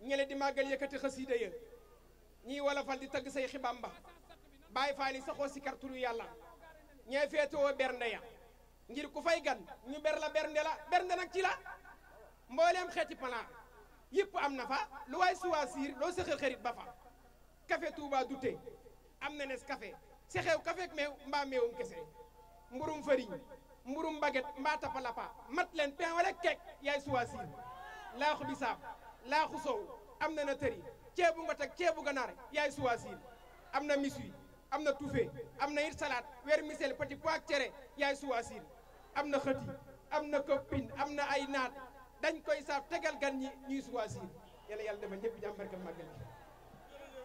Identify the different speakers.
Speaker 1: ñele di magal yëkëti xasiida ya wala fal di tag say xibamba bay faali saxo ci saxoo si kartulu yàlla ñee feetewoo bernde ya ngir ku fay gan ñu ber la bernde la bernde nak ci la mbolem xéti palaa yëpp am na fa lu waay suwaa siir loo sëxal xërit ba fa café Touba Douté am na nes café xew café ak meew mba meewum kese mburum fariñ mburum baguette mbaa tapalapa mat len pain wala kek yay suwaa siir laaxu laaxu sow am na na tëri ceebu nga teg ceebu ganaar yaay suwaasiil am na miswi am na tufe am na it salaat weer misel petit pois cere yaay suwaasiil am na xëti am na koppin am na ay naat dañ koy saaf tegal gan ñi ñuy suwaasiil yàlla yàlla dama ñëpp jàmm barkal màggal